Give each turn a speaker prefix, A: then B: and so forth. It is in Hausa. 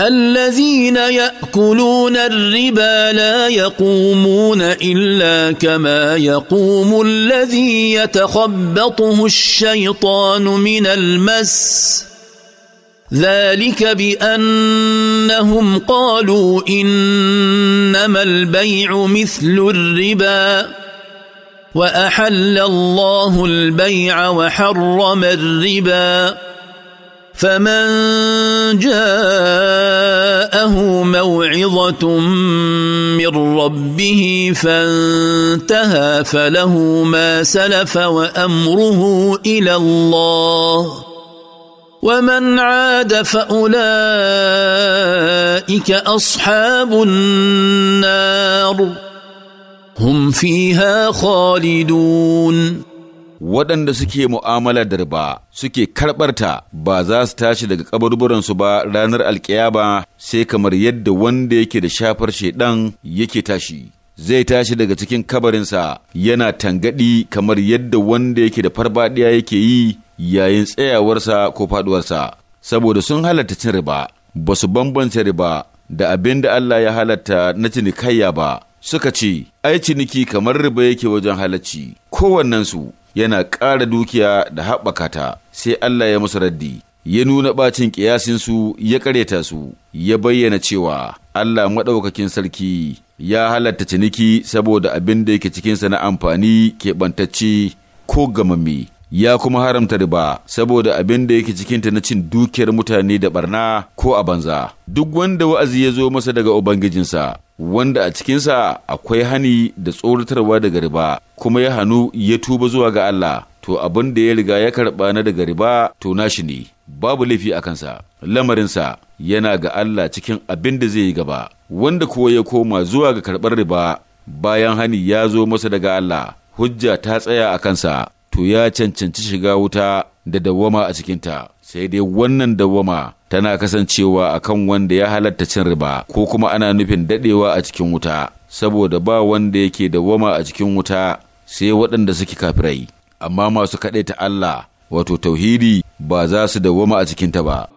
A: الذين ياكلون الربا لا يقومون الا كما يقوم الذي يتخبطه الشيطان من المس ذلك بانهم قالوا انما البيع مثل الربا واحل الله البيع وحرم الربا فمن جاءه موعظه من ربه فانتهى فله ما سلف وامره الى الله ومن عاد فاولئك
B: اصحاب النار هم فيها خالدون waɗanda suke mu'amala da riba suke karɓarta ba za su tashi daga kaburburansu ba ranar alkiyama sai kamar yadda wanda yake da shafar shaidan yake tashi zai tashi daga cikin kabarinsa yana tangaɗi kamar yadda wanda yake da farbaɗiya yake yi yayin tsayawarsa ko faɗuwarsa saboda sun halatta cin riba ba su bambance riba da abin da Allah ya halatta na cinikayya ba suka ce ai ciniki kamar riba yake wajen halacci kowannensu yana ƙara dukiya da haɓaka ta sai Allah ya musu raddi ya nuna ɓacin ƙiyasinsu ya ƙareta su ya bayyana cewa Allah maɗaukakin sarki ya halatta ciniki saboda abin da yake cikinsa na amfani keɓantacce ko gamammi ya kuma haramta riba saboda abin da yake cikinta na cin dukiyar mutane da barna ko a banza duk wanda wa'azi ya zo masa daga ubangijinsa wanda a cikinsa akwai hani da tsoratarwa daga riba kuma ya hannu ya tuba zuwa ga Allah to abin da ya riga ya karɓa na daga riba to nashi ne babu laifi a kansa lamarinsa yana ga Allah cikin abin da zai yi gaba wanda kuwa ya koma zuwa ga karɓar riba bayan hani ya zo masa daga Allah hujja ta tsaya a kansa to ya cancanci shiga wuta da dawwama a cikinta sai dai wannan dawwama tana kasancewa akan wanda ya halatta cin riba ko kuma ana nufin daɗewa a cikin wuta saboda ba wanda yake dawwama a cikin wuta sai waɗanda suke kafirai amma masu ta Allah wato tauhidi ba za su dawwama a cikinta ba